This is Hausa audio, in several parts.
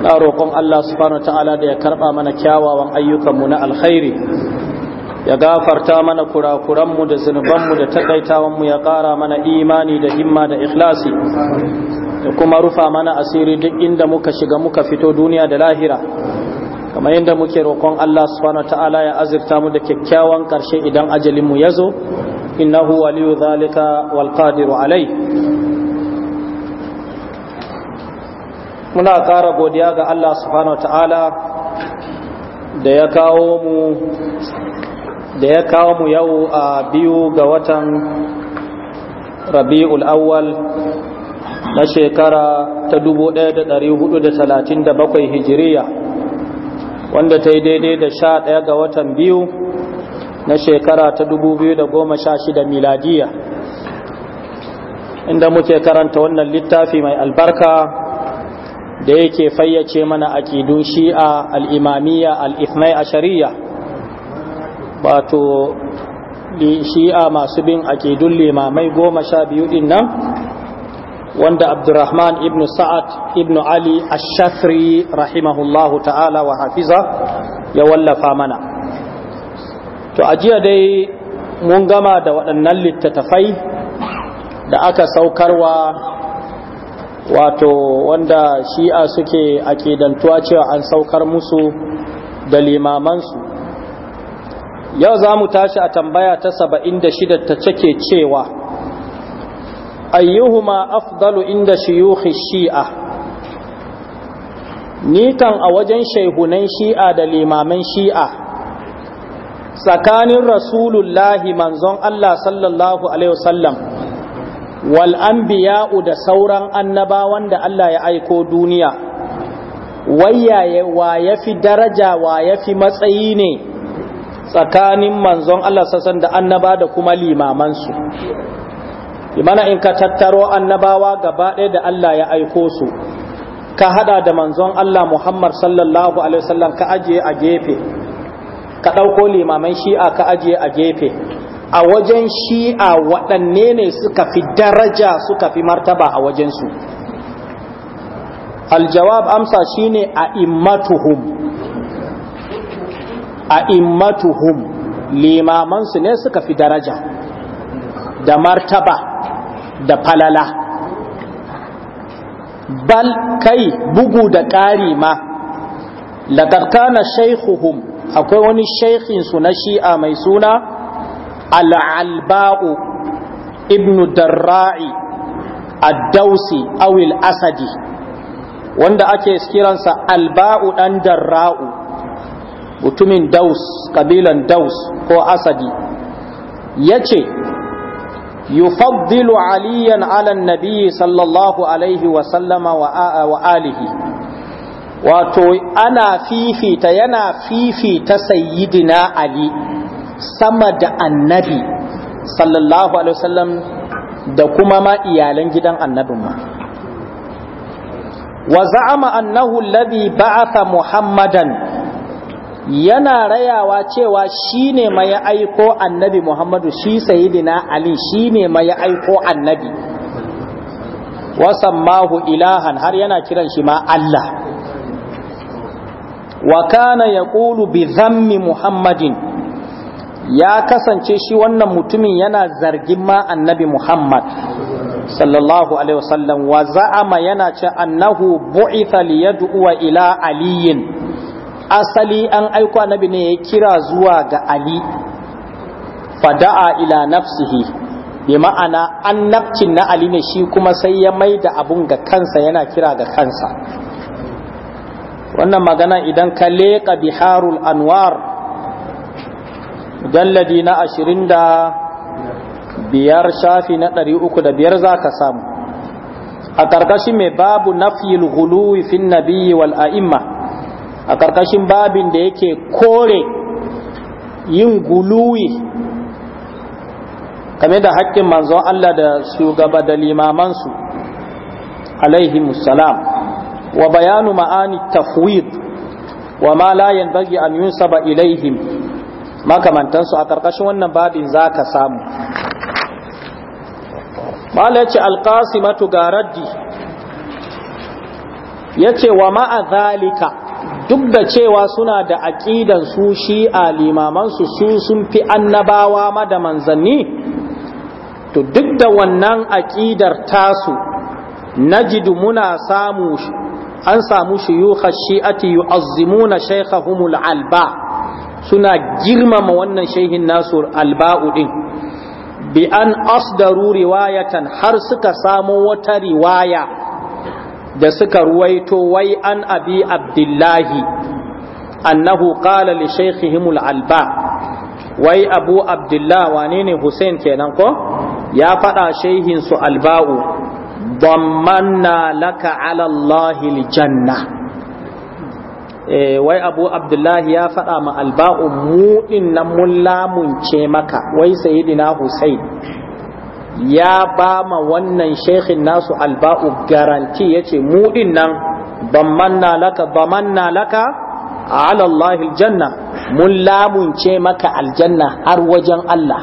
na roƙon Allah subhanahu ta'ala da ya karɓa mana kyawawan ayyukanmu na alkhairi ya gafarta mana kurakuranmu da zunubanmu da takaitawanmu ya ƙara mana imani da himma da ikhlasi da kuma rufa mana asiri duk inda muka shiga muka fito duniya da lahira kamar yadda muke roƙon Allah subhanahu ta'ala ya azurta mu da kyakkyawan ƙarshe idan ajalinmu ya zo innahu waliyu zalika wal qadiru alai muna ƙara godiya ga Allah subhanahu ta'ala da ya kawo mu da ya kawo mu yau a biyu ga watan rabi'ul awwal na shekara ta 1437 hijiriya wanda ta yi daidai da sha ɗaya ga watan biyu na shekara ta 2016 miladiya inda muke karanta wannan littafi mai albarka da yake fayyace mana aƙidun shi'a al'imamiyya al'ifnai a shari'a to shi'a masu bin aƙidun limamai goma sha biyu ɗin nan wanda abdurrahman ibn sa'ad ibn ali ashafri rahimahullahu ta'ala wa hafiza ya wallafa mana to a jiya dai mun gama da waɗannan littattafai da aka saukarwa wato wanda shi'a suke aƙidantuwa cewa an saukar musu da limamansu yau za mu tashi a tambaya ta saba'in da shida ta cike cewa ayyuhuma afdalu inda shiyuhi shi'a nitan a wajen shaihunan shi'a da limaman shi'a tsakanin rasulullahi manzon Allah sallallahu Alaihi wasallam wal da sauran annabawan da Allah ya aiko duniya wayaye wa fi daraja wa fi matsayi ne tsakanin manzon Allah sassan da annaba da kuma limamansu imana in ka tattaro annabawa gaba ɗaya da Allah ya aiko su ka hada da manzon Allah Muhammad sallallahu alaihi wasallam ka ajiye a gefe ka ɗauko limaman shi'a ka ajiye a gefe a wajen shi'a waɗanne ne suka fi daraja suka fi martaba a wajensu aljawab amsa shine a immatuhum a immatuhum limamansu ne suka fi daraja da martaba da falala bal kai bugu da ƙari ma laƙarƙa na shaikuhum akwai wani shaikinsu na shi'a mai suna al'alba'u ibn darra'i addausi dausi awil asadi wanda ake kiransa alba'u dan darra'u mutumin daus kabilan daus ko asadi yace yufaddilu aliyan ala nabiyyi sallallahu alaihi wa sallama wa alihi wato ana fifita yana fifita sayyidina ali sama da annabi sallallahu alaihi wasallam da kuma ma iyalan gidan annabin ma wa za'ama annahu alladhi ba'atha muhammadan yana rayawa cewa shine mai aiko annabi muhammadu shi sayyidina ali shine mai aiko annabi wa sammahu ilahan har yana kiran shi ma Allah wa kana yaqulu bi dhammi muhammadin ya kasance shi wannan mutumin yana zargin ma annabi Muhammad sallallahu alaihi wasallam wa za'ama yana ce annahu bu'itha liyad'uwa ila aliyin asali an aiko annabi ne ya kira zuwa ga ali fada'a ila nafsihi bi ma'ana annabcin na ali ne shi kuma sai ya maida abun ga kansa yana kira ga kansa wannan magana idan ka leƙa biharul anwar mujalladi na ashirin da biyar shafi na ɗari uku da biyar za ka samu a ƙarƙashin mai babu nafyil guluwi fin nabiyyi wal a'imma a ƙarƙashin babin da yake kore yin guluwi game da haƙƙin manzon Allah da shugaba da limamansu alaihi musalam wa bayanu ma'ani tafwid wa ma la yanbaghi an yunsaba ilaihim makamantansu a ƙarƙashin wannan babin za ka samu ya ce alƙasimatu ga raddi ya ce wa ma'a zalika duk da cewa suna da aƙidan su shi a limamansu su sun fi annabawa ma da manzanni to duk da wannan aƙidar tasu najidu muna samu an samu shi yi shi'ati yu'azzimuna shaikahumul alba suna girmama wannan shehin nasu alba'u din bi an asdaru riwayatan har suka samo wata riwaya da suka ruwaito wai an abi abdullahi annahu qala li shaykhihim alba wai abu abdullah wane ne hussein kenan ko ya faɗa shehin su alba'u ضمنا لك على الله الجنه Eh, wai abu abdullahi ya faɗa ma alba'u muɗin nan mun lamunce maka wai sayidina husain ya ba ma wannan shekhin nasu alba'u garanti ya ce muɗin nan bamanna laka bamanna laka ala Allah aljanna mun lamunce maka aljanna har wajen Allah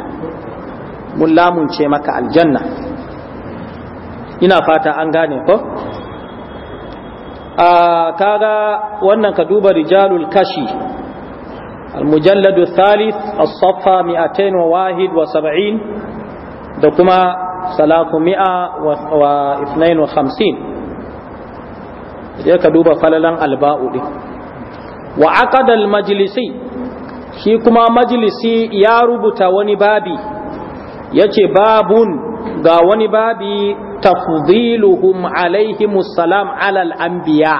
mun lamunce maka aljanna ina fata an gane ko kaga wannan ka duba rijalul kashi المجلد الثالث الصفحة 271 دكما 352 يكا دوبا alba'u الباء دي وعقد المجلسي shi kuma majlisi ya rubuta wani babi yace babun ga wani babi tafdiluhum alaihimus salam alal anbiya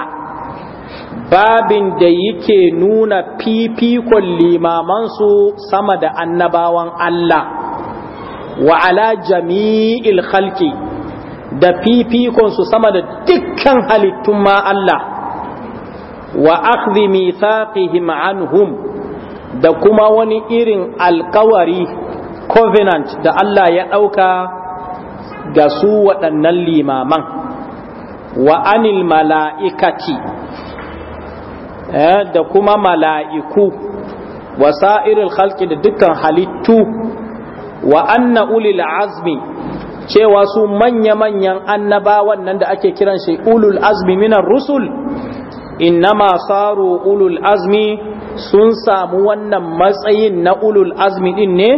babin da yake nuna fifikon limamansu sama da annabawan Allah wa ala jami'il khalqi da fifikonsu sama da dukkan halittun ma Allah wa akhdhi mithaqihim anhum da kuma wani irin alkawari covenant da Allah ya ɗauka ga su waɗannan limaman wa anil mala'ikati eh, da kuma mala'iku wa sa'iril halki da dukkan halittu wa anna ulil azmi cewa su manya-manyan annabawan nan da ake kiran shi ulul azmi minan rusul innama saru ulul azmi sun samu wannan matsayin na ulul azmi din ne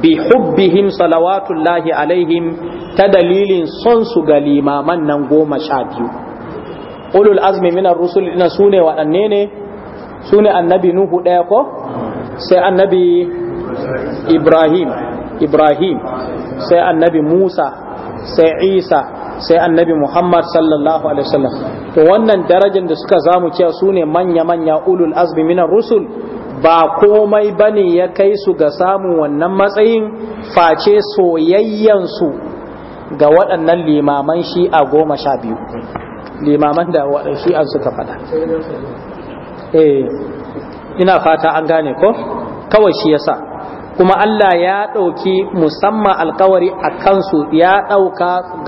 bi hubbihim salawatullahi alaihim ta dalilin son su ga limaman nan goma sha biyu ulul azmi min ar-rusul ina sune waɗanne ne sune annabi nuhu ɗaya ko sai annabi ibrahim ibrahim sai annabi musa sai isa sai annabi muhammad sallallahu alaihi wasallam to wannan darajar da suka zamu cewa sune manya manya ulul azmi min ar-rusul ba komai bane ya kai su ga samun wannan matsayin face soyayyansu ga waɗannan limaman shi'a goma sha biyu limaman da shi'a suka faɗa eh, ina fata an gane ko kawai shi yasa kuma Allah ya ɗauki musamman alkawari a kansu ya ɗauka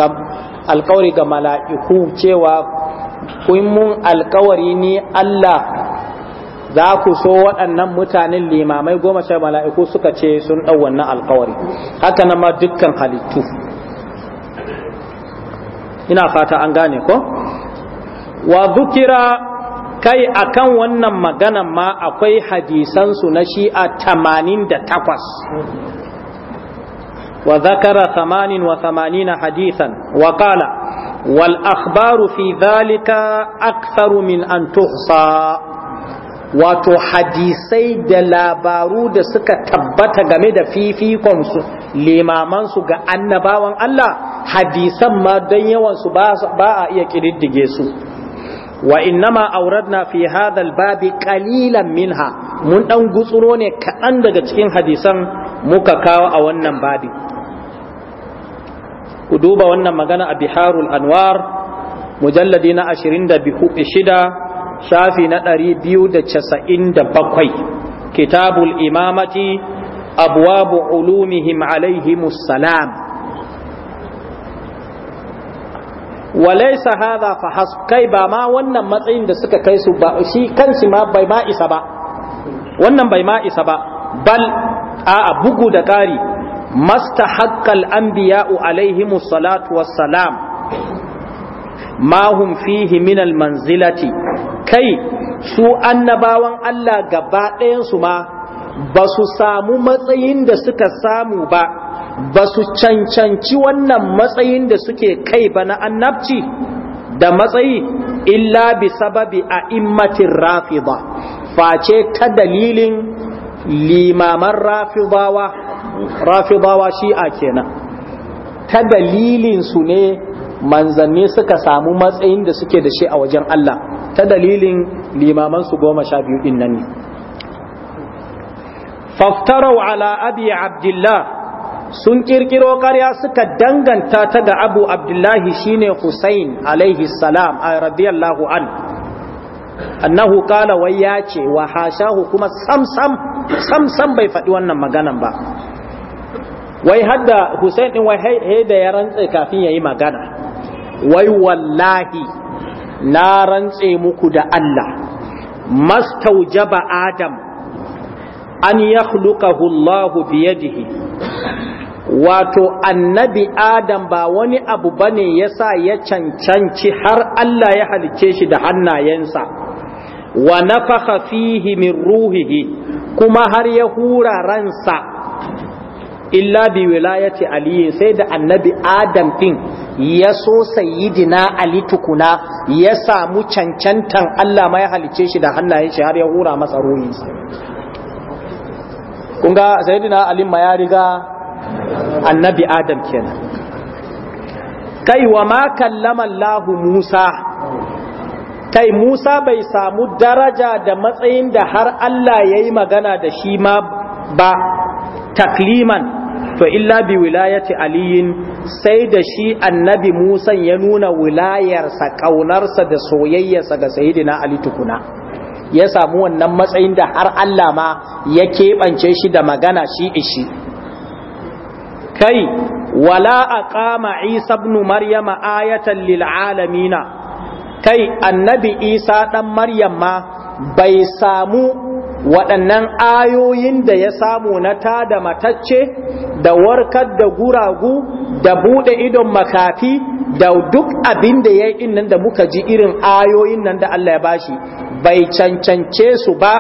alkawari ga mala'iku cewa kun mun alkawari ni Allah za ku so waɗannan mutanen limamai goma sha mala'iku suka ce sun ɗau wannan alkawari haka nan ma dukkan halittu ina fata an gane ko wa dhukira kai akan wannan magana ma akwai hadisansu su na shi'a 88 wa zakara 88 hadisan wa qala wal akhbaru fi dhalika aktharu min an tuhsa wato hadisai da labaru da suka tabbata game da fifikonsu limamansu ga annabawan Allah hadisan ma don yawansu ba a iya ƙididdige su wa innama auradna fi hadal babi qalilan minha mun dan gutsuro ne kaɗan daga cikin hadisan muka kawo a wannan babi ku duba wannan magana a biharul anwar mujalladi na 26 shafi na ɗari biyu da casa'in da bakwai kitabul imamati abwabu ulumihim alaihimussalam walaisa hadha fa kai ba ma wannan matsayin da suka kai su ba shi kansu ma bai ma isa ba wannan bai ma isa ba bal a bugu da ƙari Masta mastahaqqal anbiya'u alaihimus salatu wassalam ma hum fihi min almanzilati kai su annabawan Allah gaba ɗayansu ma ba su samu matsayin da suka samu ba ba su cancanci wannan matsayin da suke kai ba na annabci da matsayi illa bi sababi a immatin ba face ta dalilin limaman rafidawa shi shi'a kenan ta dalilinsu ne manzanni suka samu matsayin da suke da shi a wajen Allah ta dalilin limaman su goma sha biyu din nan ne faftarau ala abi abdullah sun kirkiro karya suka danganta ta ga abu abdullahi shine husain alaihi salam a radiyallahu an annahu kala wai ya ce wa hashahu kuma sam sam bai faɗi wannan maganan ba wai hadda husain din wai da ya rantse kafin ya yi magana wai wallahi na rantse muku da Allah mastaujaba adam an yakhluqahu Allah biyadihi wato annabi adam ba wani abu bane yasa ya cancanci har Allah ya halice shi da hannayensa wa nafakha fihi min ruhihi kuma har ya hura ransa illa bi wilayati ali sai da annabi adam din ya so sayyidina ali tukuna ya samu cancantan Allah mai halice shi da hannayen shi har ya hura masa ruhi Kunga kun sayyidina ali ma ya riga annabi adam kenan kai wa ma kallama Allah Musa kai Musa bai samu daraja da matsayin da har Allah yayi magana da shi ma ba takliman to illa bi wilayati aliyin sai da shi annabi Musa ya nuna wilayarsa kaunarsa da soyayyarsa ga sayyidina Ali tukuna ya samu wannan matsayin da har Allah ma ya keɓance shi da magana shi ishi kai wala aqama Isa ibn Maryama ayatan lil alamina kai annabi Isa dan Maryam ma bai samu waɗannan ayoyin da ya samu na ta da matacce da warkar da guragu da buɗe idon makafi da duk abin da ya yi nan da muka ji irin ayoyin nan da Allah ya bashi bai cancance su ba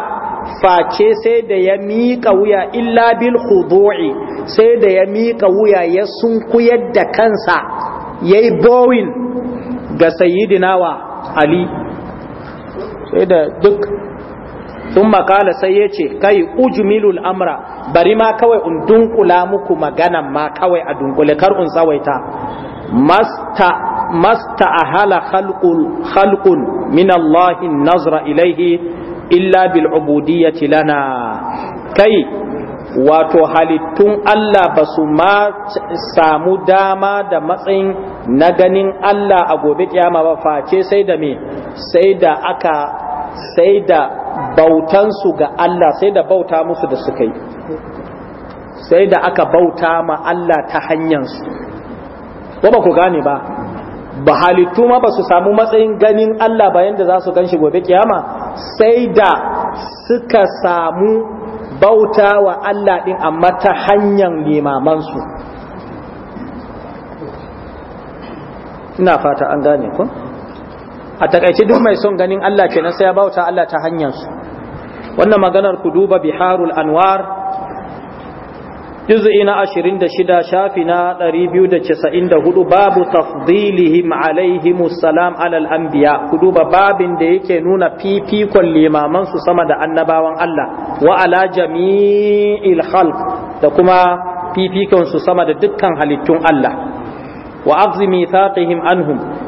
face sai da ya miƙa wuya illa bil khudu'i sai da ya miƙa wuya ya sunkuyar da kansa ya yi bowin ga sayyidina Ali sai da duk sun makala sai ya ce kai ujumilul amra bari ma kawai in dunkula muku maganan ma kawai a dunkule kar in tsawaita masta ahala khalqun min Allah nazra ilaihi illa bil ubudiyyati lana kai wato halittun Allah ba su ma samu dama da matsayin na ganin Allah a gobe kiyama ba face sai da me sai da aka sai da bautansu ga Allah sai da bauta musu da suka yi sai da aka bauta ma Allah ta hanyarsu ko ba ku gane ba ba halittu ma ba su samu matsayin ganin Allah bayan da za su gan shi gobe kiyama sai da suka samu bauta wa Allah ɗin amma ta hanyar limamansu ina fata an gane ku a takaice duk mai son ganin Allah kenan sai ya bauta Allah ta hanyar su wannan maganar ku duba biharul anwar juz'i na 26 shafi na 294 babu tafdilihim alaihim salam alal anbiya ku duba babin da yake nuna fifikon limaman su sama da annabawan Allah wa ala jami'il khalq da kuma fifikon su sama da dukkan halittun Allah wa aqzi mithaqihim anhum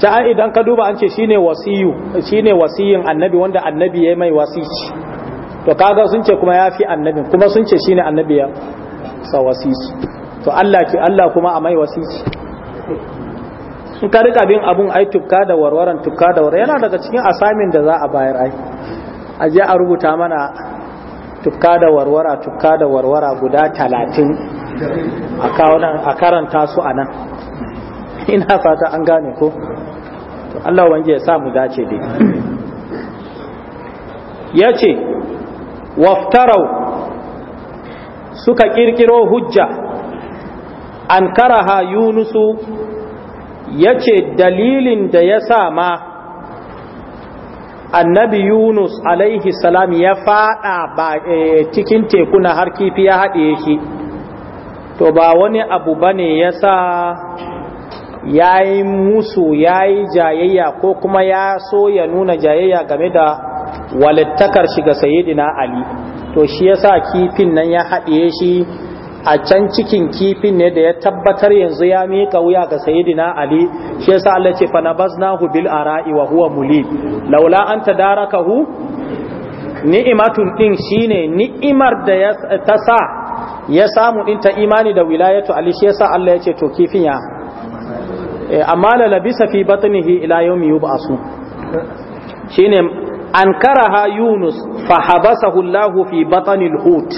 ta idan ka duba an ce shine wasiyu shine wasiyin annabi wanda annabi ya mai wasici to kaga sun ce kuma yafi annabin kuma sun ce shine annabi ya sa wasici to Allah ki Allah kuma a mai wasici in ka rika bin abun ai tukka da warwaran tukka da warwara yana daga cikin asamin da za a bayar ai a je a rubuta mana tukka da warwara tukka da warwara guda talatin a karanta su anan. ina fata an gane ko Allah wanje ya samu dace dai yace waftaru waftarau suka kirkiro hujja ankaraha yunusu Yace, dalilin da ya sa ma annabi yunus alaihi salam ya fada eh, cikin na har kifi ya hade shi to ba wani abu bane yasa ya yi musu ya yi jayayya ko kuma ya so ya nuna jayayya game da walittakar shiga sayidina ali to shi ya sa kifin nan ya haɗiye shi a can cikin kifin ne da ya tabbatar yanzu ya miƙa wuya ga sayidina ali shi ya sa Allah ce fa hu bil ara'i wa huwa mulib laula an tadarakahu ni'imatun din shine ni'imar da ya ta sa ya samu din ta imani da wilayatu ali shi ya sa Allah ya ce to kifin ya Eh, amma la labisa fi batnihi ila yawmi yub'asu shine an ha yunus fa habasahu Allah fi batnil hut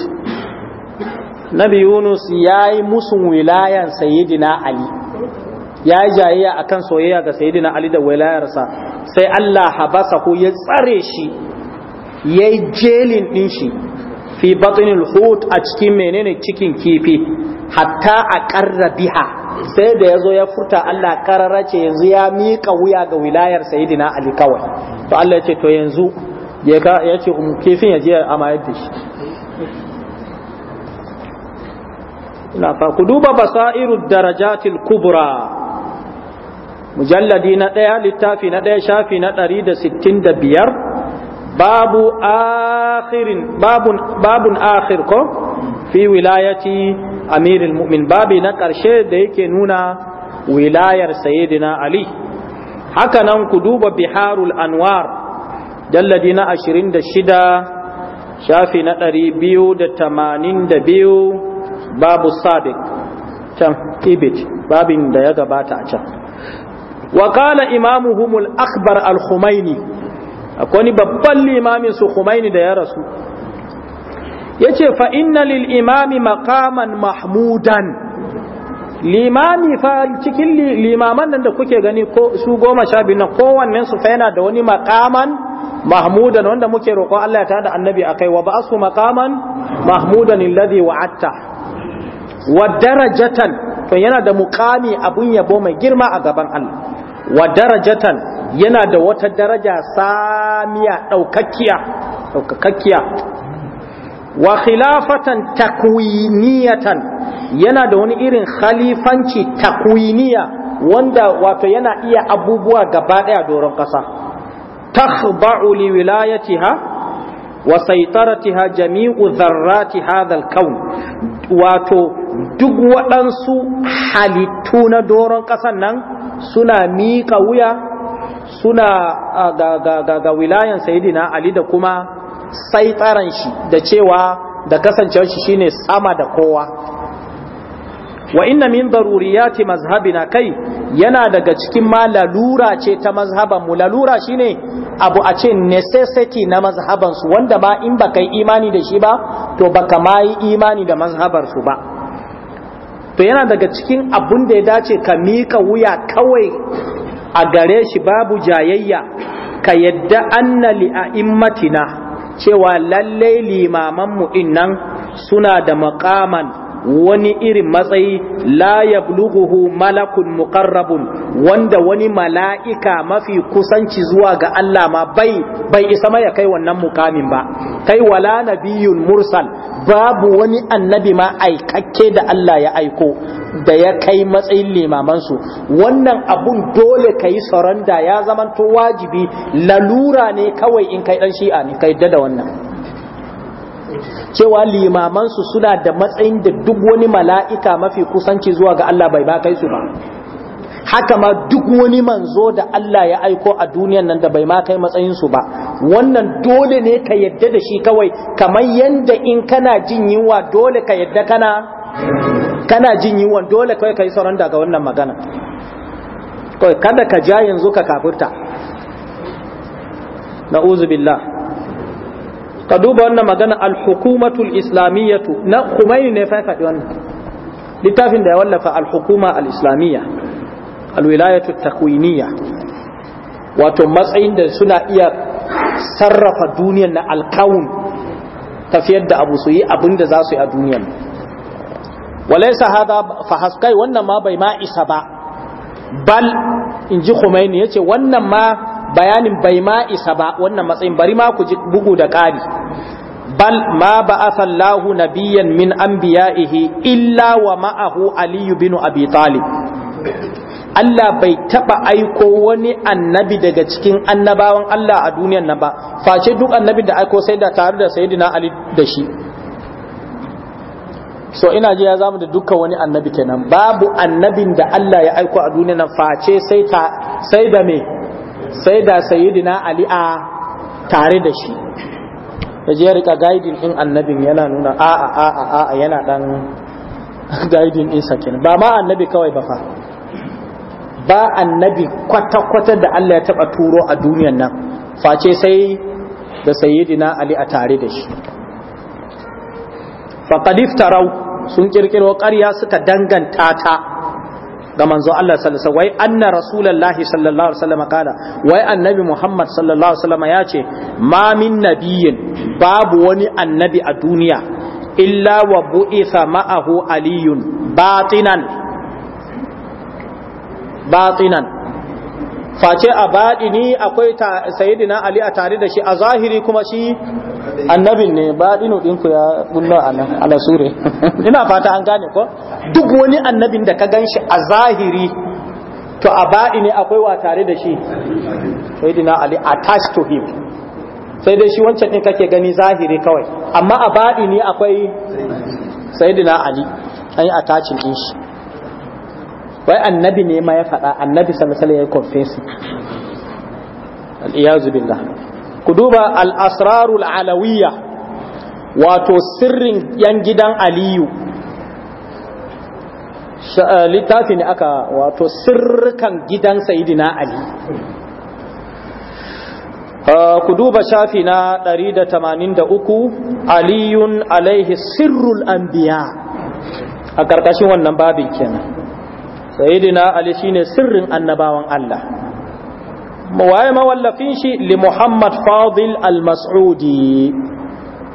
nabi yunus yayi musu wilayan sayyidina ali ya jayayya akan soyayya ga sayyidina ali da wilayarsa sai Allah habasahu ya tsare shi yayi jelin din shi fi batnil hut a cikin menene cikin kifi hatta a biha sai da ya zo ya furta Allah karara ce yanzu ya miƙa wuya ga wilayar sayidina Ali kawai to Allah ya ce to yanzu ya ce um, kifin ya je a mayar da shi na fa ku duba basairu darajatil kubra mujalladi na ɗaya littafi na ɗaya shafi na ɗari da sittin da biyar babu akhirin babun akhir ko fi wilayati amirul mu'min babi na ƙarshe da yake nuna wilayar sayyidina ali haka nan ku duba biharul anwar jalladi na shida, shafi na biyu, babu sabiq can ibit babin da ya gabata a can Wakala qala imamuhumul akbar al-khumaini akwai babban limamin su khumaini da ya rasu yace fa inna lil imami maqaman mahmudan limami fa cikin limaman nan da kuke gani su goma sha biyu na kowannen fa yana da wani maqaman mahmudan wanda muke roƙo Allah ya da annabi akai wa ba'asu maqaman mahmudan alladhi wa'atta wa darajatan to yana da muqami abun yabo mai girma a gaban Allah wa darajatan yana da wata daraja samiya daukakkiya daukakkiya wa khilafatan takwiniyatan yana da wani irin khalifanci takwiniya wanda wato yana iya abubuwa gaba daya doron kasa takhba'u li wilayatiha wa saitaratiha jami'u dharrati hadha al-kawn wato duk waɗansu halittu na doron ƙasan nan suna miƙa wuya suna ah, ga, ga wilayan sayidina ali da kuma Sai saitaran shi da cewa da kasancewar shi shine sama da kowa wa inna min daruriyati mazhabina kai yana daga cikin ma lalura ce ta mazhaban mu lalura shine abu a ce necessity na mazhaban su wanda ba in baka yi imani da shi ba to baka ma yi imani da mazhabar su ba to yana daga cikin abun da ya dace ka mika wuya kawai a gare shi babu jayayya ka yadda anna li a'immatina cewa lallai limamanmu ɗin suna da muƙaman. wani irin matsayi la yablughuhu malakun muqarrabun wanda wani mala'ika mafi kusanci zuwa ga Allah ma bai bai isa ma ya kai wannan mukamin ba kai wala nabiyun mursal babu wani annabi ma aikakke da Allah ya aiko da ya kai matsayin limamansu wannan abun dole ka yi saranda ya zamanto wajibi lalura ne kawai in kai dan shi'a ne ka da wannan cewa limamansu suna da matsayin da duk wani mala'ika mafi kusanci zuwa ga Allah bai ba su ba haka ma duk wani manzo da Allah ya aiko a duniyan nan da bai ma kai matsayinsu ba wannan dole ne ka yadda da shi kawai kamar yadda in kana jin yiwa dole ka yadda kana kana jin yiwa dole kawai ka yi sauran daga wannan magana kawai kada ka ja yanzu ka kafurta na billah ka duba wannan magana alhukumatul islamiyyatu na Khomeini ne fa faɗi wannan littafin da ya wallafa alhukuma al'islamiyya al-islamiyya takwiniyya wato matsayin da suna iya sarrafa duniyar na alkawun tafiyar da abu su yi abin da za su yi a duniyar walaisa hada fahaskai wannan ma bai ma isa ba bal in ji Khumaini ya ce wannan ma bayanin bai ma isa ba wannan matsayin bari ma ku ji bugu da ƙari bal ma ba'atha na nabiyyan min anbiya'ihi illa wa ma'ahu Ali bin Abi Talib Allah bai taba aiko wani annabi daga cikin annabawan Allah a duniyar nan ba face duk annabin da aiko sai da tare da sayyidina Ali da shi so ina ji ya zamu da dukkan wani annabi kenan babu annabin da Allah ya aiko a duniyar nan face sai ta sai da me sai da sayyidina ali a tare da shi da je rika gaidin din annabin yana nuna a a a a a yana dan gaidin din sakin ba ma annabi kawai ba fa ba annabi kwata kwata da Allah ya taba turo a duniyar nan face sai da sayyidina ali a tare da shi faqad iftarau sun kirkiro ƙarya suka danganta ta ga manzo Allah sallallahu alaihi wasallam wai anna rasulullahi sallallahu alaihi wasallam kala wai annabi Muhammad sallallahu alaihi wasallam ya ce ma min nabiyyin babu wani annabi a duniya illa wa bu'itha ma'ahu aliyun batinan batinan face a ni akwai sayidina ali a tare da shi a zahiri kuma shi annabin ne baɗinu ɗinku ya bullo ana ala sure ina fata an gane ko duk wani annabin da ka ganshi a zahiri to a baɗi ne akwai wa tare da shi sayyidina ali attached to him sai dai shi wancan din kake gani zahiri kawai amma a baɗi ne akwai sayyidina ali an yi attachin din shi wai annabi ne ma ya faɗa annabi sallallahu alaihi wasallam ya confess confessing al-iyazu billah ku duba al-asrarul alawiyya wato sirrin yan gidan aliyu eh, littafi ne aka wato sirrikan gidan sayidina ali eh, ku duba shafi na 183 aliyun alaihi sirrul anbiya a ƙarƙashin wannan babin kenan sayidina ali shine sirrin annabawan Allah waye mawallafin shi li Muhammad Fadil al-Mas'udi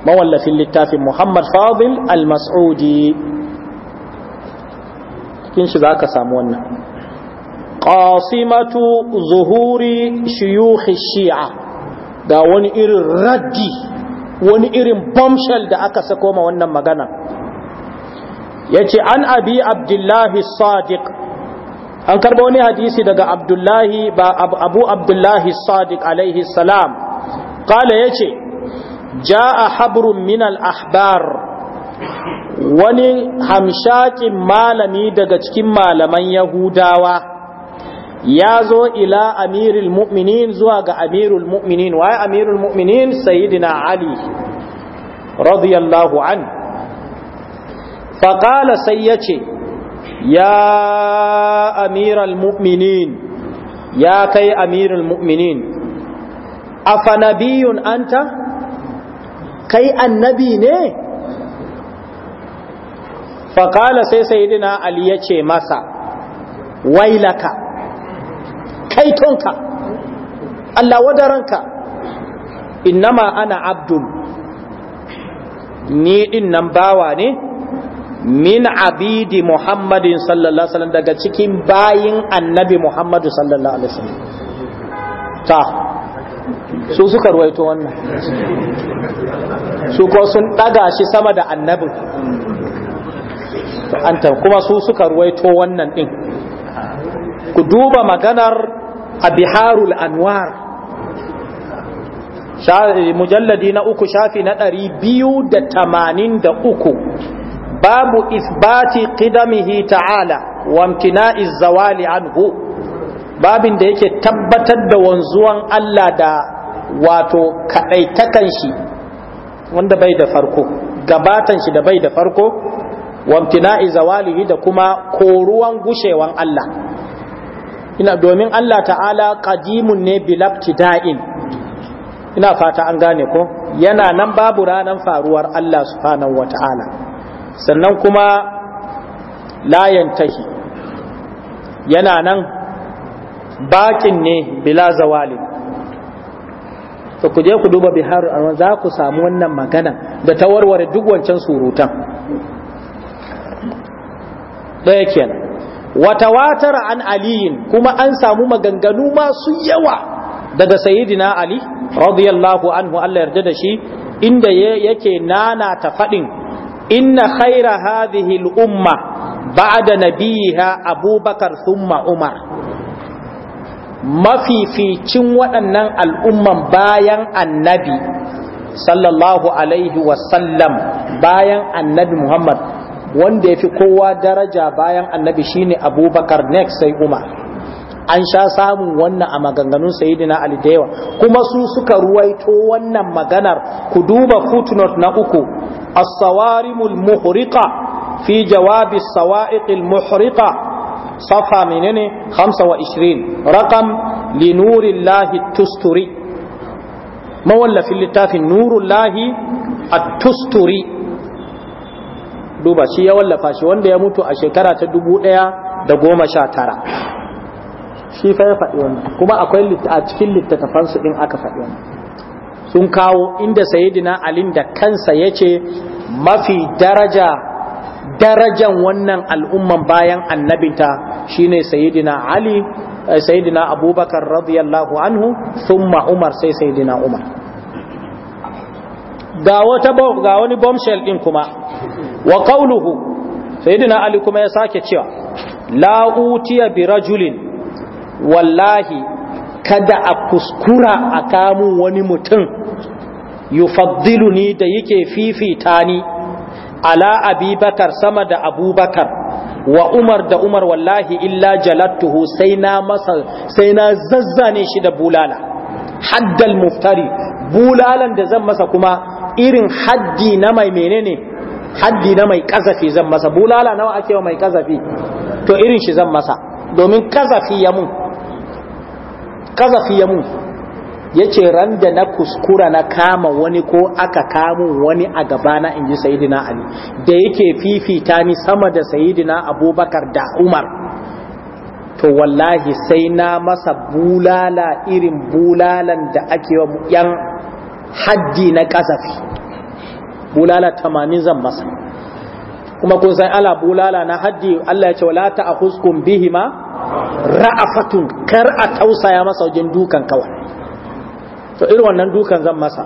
mawallafin littafin Muhammad Fadil al-Mas'udi cikin shi zaka samu wannan qasimatu zuhuri shuyukh shia ga wani irin raddi wani irin bombshell da aka sako ma wannan magana yace an abi abdullahi sadiq an karba wani hadisi daga abdullahi ba abu abdullahi sadiq alaihi salam kala ya ce a habrun min al-ahbar wani hamshakin malami daga cikin malaman yahudawa ya zo ila amirul mu'minin zuwa ga amirul mu'minin waye amirul mu'minin sayyidina ali radiyallahu an faƙala sai ya ce ya amir mu'minin ya kai amirul afa afanabiyun anta kai annabi ne faƙala sai sayidina ali ya ce masa wailaka kaitonka Allah wadaranka innama ana abdul ni dhin nan bawa ne min abidi muhammadin sallallahu alaihi wasallam daga cikin bayin annabi muhammadu sallallahu alaihi wasallam ta su suka ruwaito wannan su ko sun daga shi sama da annabin anta kuma su suka ruwaito wannan din ku duba maganar a biharul anwar mujalladi na uku shafi na ɗari biyu da tamanin da uku babu isbati qidamihi ta'ala wa imtina'iz zawali anhu babin da yake tabbatar da wanzuwan Allah da wato kadaitakan shi wanda bai da farko gabatan shi da bai da farko wa imtina'iz zawalihi da kuma koruwan gushewan Allah ina domin Allah ta'ala qadimun ne bilabtida'in ina fata an gane ko yana nan babu ranan faruwar Allah subhanahu wata'ala sannan kuma layan tahi yana nan bakin ne bila zawalin to ku je ku duba bihar anwar za ku samu wannan magana da ta warware duk wancan surutan ɗaya kenan wata watar an aliyin kuma an samu maganganu masu yawa daga sayidina ali radiyallahu anhu Allah yarda da shi inda yake nana ta faɗin inna khaira hadhihi ba'ada umma ba'da nabiha abubakar summa umar mafificin waɗannan al'umman bayan annabi sallallahu alaihi wasallam bayan annabi muhammad wanda ya fi kowa daraja bayan annabi shine abubakar next sai umar an sha samun wannan a maganganun sayidina ali da kuma su suka ruwaito wannan maganar ku duba footnote na uku as-sawarimul muhriqa fi jawabi as-sawa'iqil muhriqa safa menene 25 raqam li nurillahi tusturi mawallafin littafin nurullahi at-tusturi duba shi ya wallafa shi wanda ya mutu a shekara ta dubu ɗaya da goma sha tara shi fa ya faɗi wannan kuma akwai a cikin littattafansu ɗin aka faɗi wannan sun kawo inda sayyidina alin da kansa yace mafi daraja darajan wannan al'umman bayan annabinta shine sayyidina ali eh, sayyidina abubakar radiyallahu anhu thumma umar sai sayyidina umar ga wata ga wani bombshell din kuma wa qawluhu sayyidina ali kuma ya sake cewa la utiya bi rajulin wallahi kada a kuskura a kamun wani mutum yufaddilu ni da yake fifita ni ala abubakar sama da abubakar wa umar da umar wallahi illa jalattuhu sai na masa sai na zazzane shi da bulala haddal muftari bulalan da zan masa kuma irin haddi na mai menene haddi na mai kazafi zan masa bulala nawa ake wa mai kazafi to irin shi zan masa domin kazafi ya mun kazafi ya mun ya ran da na kuskura na kama wani ko aka kamun wani a gabana in ji sayidina ali da yake fifita ni sama da sayidina abubakar da umar to wallahi sai na masa bulala irin bulalan da ake wa yan haddi na kazafi bulala tamanin zan masa kuma kun san ala bulala na haddi Allah ya ce wala ta'khuskum bihima ra'afatun kar a tausaya masa wajen dukan kawai to irin wannan dukan zan masa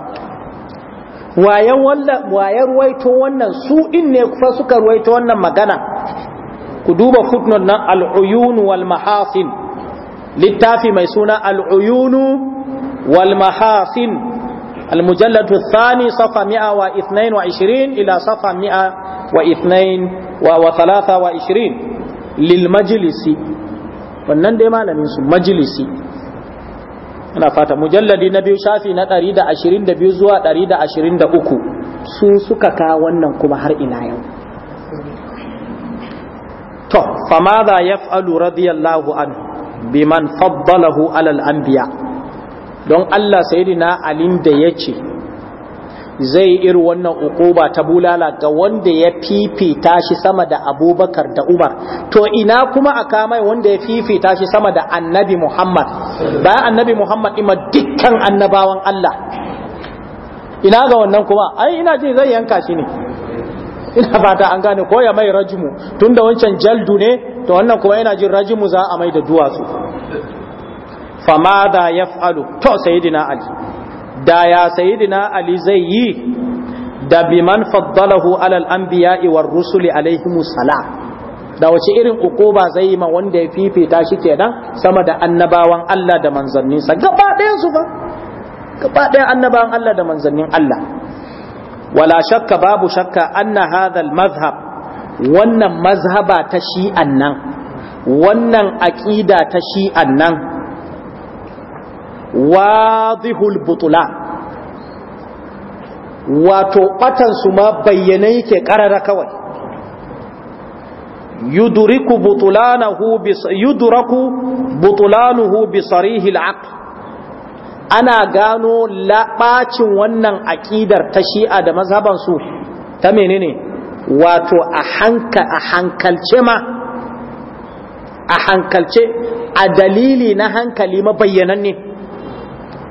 wayan walla wayar waito wannan su in ne fa suka ruwaito wannan magana ku duba footnote na al-uyun wal mahasin littafi mai suna al-uyun wal mahasin المجلد الثاني صفحة 122 إلى صفحة 123 للمجلس wannan dai malamin su majalisi ina fata mujalladi na biyu shafi na 122 zuwa 123 su suka ka wannan kuma har ina yau to fa ma za ya radiyallahu anhu biman faddalahu alal anbiya don Allah sayyidina alin da ya ce zai iri wannan ukuba ta bulala ga wanda ya fifita shi sama da abubakar da umar to ina kuma a kamai wanda ya fifita shi sama da annabi muhammad bayan annabi muhammad ima dukkan annabawan allah ina ga wannan kuma ai ina ji zai yanka shi ne ina fata an gane ko ya mai rajimu tun da wancan jaldu ne to wannan kuma yana jin rajimu za a mai da duwatsu fama da ya falu to sayidina ali da ya sayidina ali zai yi da biman faddalahu alal an biya iwar rusuli alaihimu salam da wace irin ukuba zai yi ma wanda ya fifita shi kenan sama da annabawan Allah da manzanninsa gaba ɗayan su ba gaba ɗayan annabawan Allah da manzannin Allah wala shakka babu shakka anna hadha mazhab wannan mazhaba ta shi'an nan wannan aqida ta shi'an nan wadihul butula wato batansu ma bayyana yake ƙarara kawai yuduriku butulanahu bi yuduraku butulanuhu bi sarihil aq ana gano labacin wannan aƙidar ta shi'a da su ta menene wato a hanka a hankalce ma a hankalce a dalili na hankali mabayyanan ne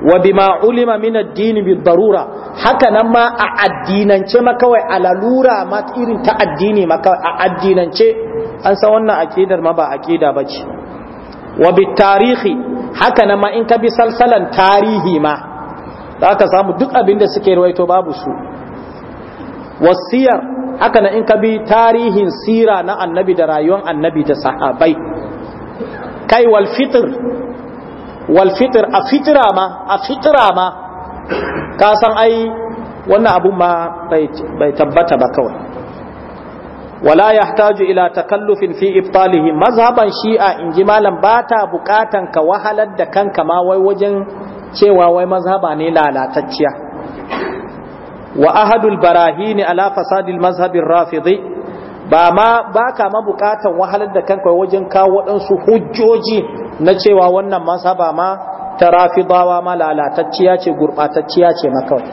wa bima ulima min addini bi darura haka nan ma a addinance ma kawai a lalura ma irin ta addini ma kawai a addinance an san wannan akidar ma ba akida bace wa bi tarihi haka nan ma in ka bi salsalan tarihi ma zaka samu duk abinda suke rawaito babu su wasiyar haka nan in ka bi tarihin sira na annabi da rayuwar annabi da sahabai kai wal fitr wal fitr a fitra ma a fitra ma ka san ai wannan abun ma bai tabbata ba kawai wala yahtaju ila takallufin fi ibtalihi mazhaban shi'a in ji malam ba ta bukatan ka wahalar da kanka ma wai wajen cewa wai mazhaba ne lalatacciya wa ahadul barahini ala fasadil mazhabin rafidi ba ma ba ka ma bukatan wahalar da kanka wajen kawo waɗansu hujjoji na cewa wannan ba ma ta bawa ma lalatacciya ce gurɓatacciya ce ma kawai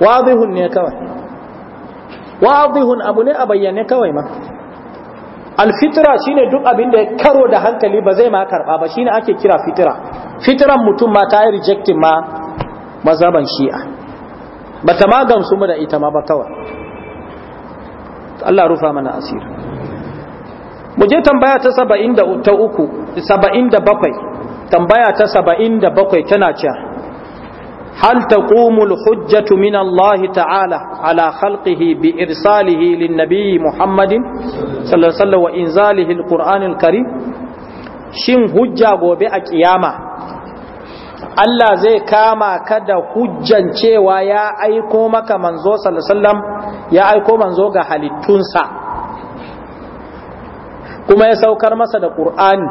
wadihun ne kawai wadihun abu ne a bayyane kawai ma alfitra shine duk abin da ya karo da hankali ba zai ma karɓa ba shine ake kira fitira fitiran mutum ma ta yi rejectin ma mazaban shi'a bata ma gamsu mu da ita ma ba kawai Allah rufa mana asir mu je tambaya ta 73 77 tambaya ta 77 tana cewa hal taqumul hujjatu min Allah ta'ala ala khalqihi bi irsalihi lin nabiy Muhammadin sallallahu alaihi wasallam wa inzalihi alqur'anil karim shin hujja gobe a kiyama Allah zai kama ka da hujjan cewa ya aiko maka manzo sallallahu ya aiko manzo ga halittunsa kuma ya saukar masa da ƙur'ani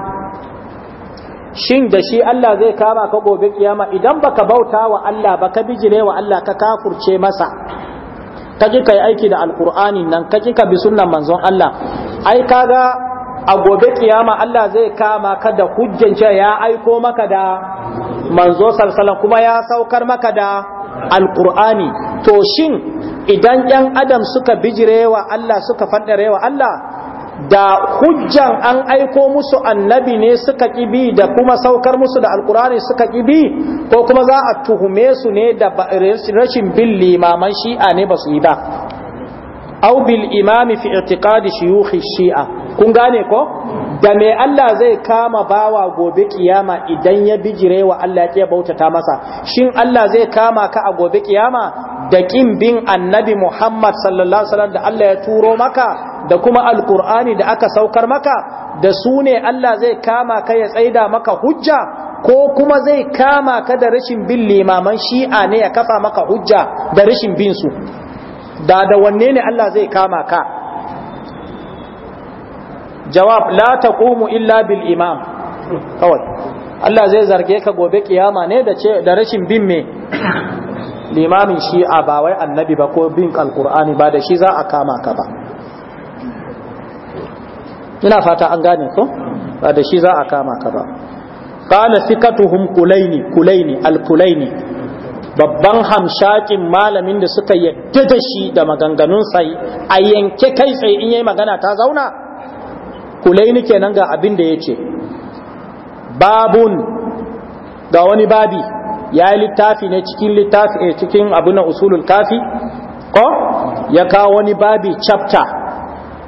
shin da shi Allah zai kama ka gobe kiyama idan baka bauta wa Allah ba ka bijire wa Allah ka kafurce masa ka ji ka aiki da alqur'ani nan ka ji ka bi sunnan manzon Allah ai kaga a gobe kiyama Allah zai kama ka da hujjan ya aiko maka da manzo salsalan kuma ya saukar maka da alqur'ani to shin idan yan adam suka bijirewa Allah suka faddarewa Allah da hujjan an aiko musu annabi ne suka kibi da kuma saukar musu da alkurani suka kibi ko kuma za a tuhume su ne da rashin bin limaman shi'a ne ba su yi ba aw bil imami fi i'tiqadi shuyukhi shi'a kun gane ko da me Allah zai kama bawa gobe kiyama idan ya bijire wa Allah ya bautata masa shin Allah zai kama ka a gobe kiyama da kin bin annabi Muhammad sallallahu alaihi wasallam da Allah ya turo maka da kuma alqur'ani da aka saukar maka da su ne Allah zai kama ka ya tsaida maka hujja ko kuma zai kama ka da rashin bin limaman shi'a ne ya kafa maka hujja da rashin bin su da da wanne ne Allah zai kama ka jawab la taqumu illa bil imam kawai Allah zai zarge ka gobe kiyama ne da ce da rashin bin me limamin shi a ba wai annabi ba ko bin alqur'ani ba da shi za a kama ka ba ina fata an gane ko ba da shi za a kama ka ba qala thiqatuhum kulaini kulaini al kulaini babban hamshakin malamin da suka yadda da shi da maganganun sai a yanke kai sai in yi magana ta zauna kulaini kenan ga abin da ya ce. babun ga wani babi ya yi littafi ne cikin littafi a eh, cikin abu na usulul kafi ko ya kawo wani babi chapter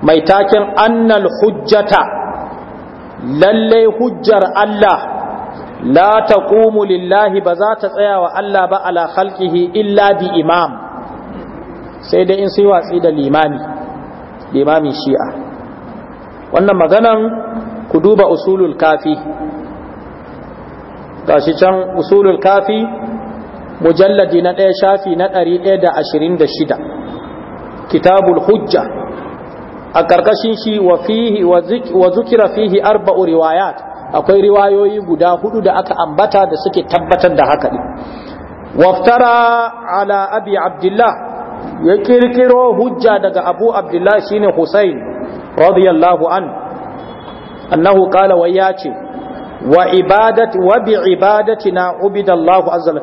mai taken annal hujjata lallai hujjar Allah la taqumu lillahi ba za ta tsaya wa Allah ba ala khalqihi illa bi imam sai dai in sai watsi da limami Limami shi'a wannan maganan ku duba usulul kafi gashi can usulul kafi mujalladi na ɗaya shafi na ɗari ɗaya da ashirin da shida kitabul hujja a ƙarƙashin shi wa zukira fihi arba'u riwayat akwai riwayoyi guda hudu da aka ambata da suke tabbatar da haka ne waftara ala abi abdullah ya kirkiro hujja daga abu abdullah shine husain radiyallahu an annahu qala wa ya ce wa ibadati wa bi ibadatina ubidallahu azza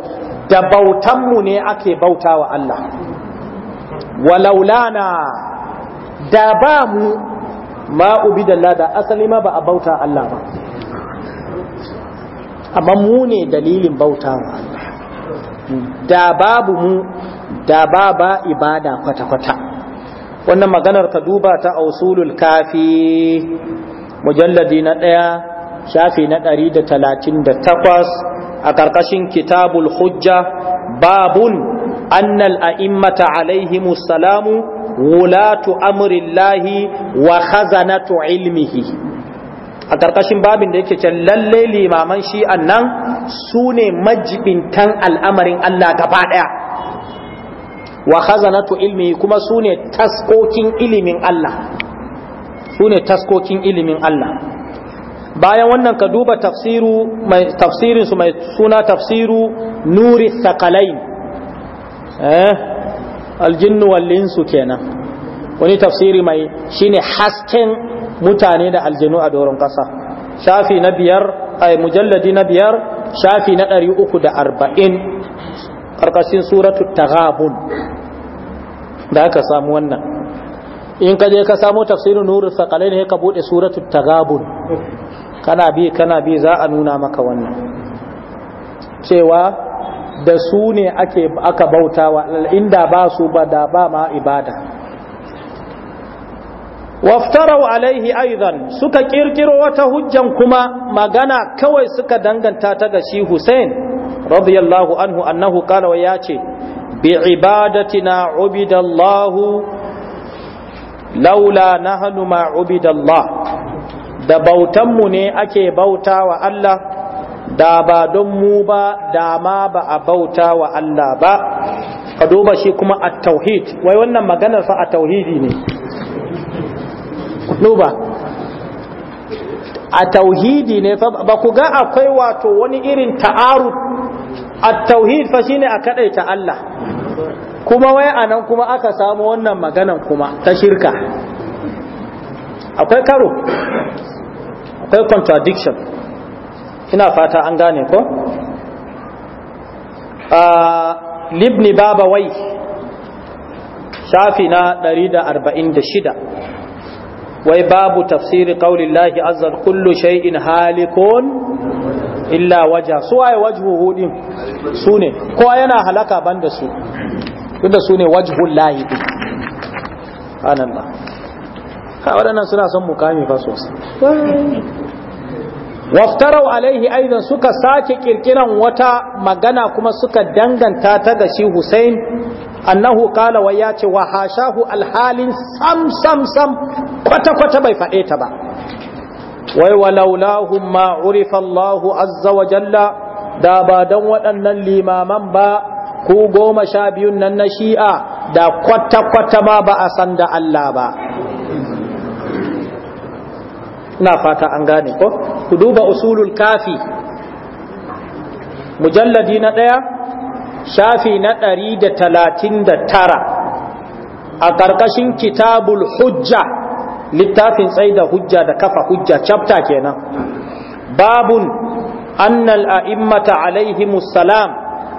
da bautanmu ne ake bautawa Allah walaulana da ba mu ma ubidallah da asali ma ba a bauta Allah ba amma mu ne dalilin bautawa da babu mu da ba ibada kwata-kwata wannan maganar ka duba ta ausulul kafi mujalladi na ɗaya shafi na ɗari da talatin da takwas a ƙarƙashin kitabul hujja babun annal a'immata alaihimu salamu wulatu amrillahi wa khazanatu ilmihi a ƙarƙashin babin da yake can lalle limaman shi'an nan su ne majibintan al'amarin Allah gaba ɗaya wa khazanatu ilmi kuma su ne taskokin ilimin Allah su ne taskokin ilimin Allah bayan wannan ka duba tafsiru mai suna tafsiru nuri thaqalain eh aljinnu wal kenan wani tafsiri mai shine hasken mutane da aljanu a doron ƙasa shafi na biyar ai mujalladi na biyar shafi na ɗari uku da arba'in ƙarƙashin suratu taghabun da aka samu wannan in ka je ka samu tafsirin nuru sakalai ne ka buɗe suratu taghabun kana bi kana bi za a nuna maka wannan cewa da su ne aka bautawa inda ba su ba da ba ma ibada waftarau alaihi aizan suka kirkiro wata hujjan kuma magana kawai suka danganta ta ga shi Hussein radiyallahu anhu annahu kalawa ya ce bi ibadatina ubidallahu laula nahnu ma ubidallah da bautanmu ne ake bauta wa Allah da ba don mu ba da ma ba a bauta wa Allah ba ka duba shi kuma a tauhid wai wannan maganar fa a tauhidi ne duba a tauhidi ne ba ku ga akwai wato wani irin ta'aru a tauhid fa shine a kadaita Allah kuma wai anan kuma aka samu wannan maganan kuma ta shirka akwai karo akwai contradiction ina fata an gane ko libni babawai shafi na 146 wai babu tafsiri qaulillahi azar kullu shay'in halikon illa waja su waye wajhuhu din su ne kowa yana halaka banda su tunda su ne wajhullahi din ananna ha waɗannan suna son mukami fa sosai waftarau alaihi aidan suka sake kirkiran wata magana kuma suka danganta ta ga shi Hussein annahu qala wa ya ce wa hashahu alhalin sam sam sam kwata kwata bai faɗe ta ba wai wa ma Ma'urifallahu azza wa jalla da ba don waɗannan limaman ba ku goma sha biyun nan na shi'a da kwata kwata ma ba a san da Allah ba ina fata an gane ko ku duba usulul kafi mujalladi na ɗaya shafi na ɗari da talatin da tara a ƙarƙashin kitabul hujja littafin tsaida da hujja da kafa hujja chapter kenan babun annal a'immata alaihimussalam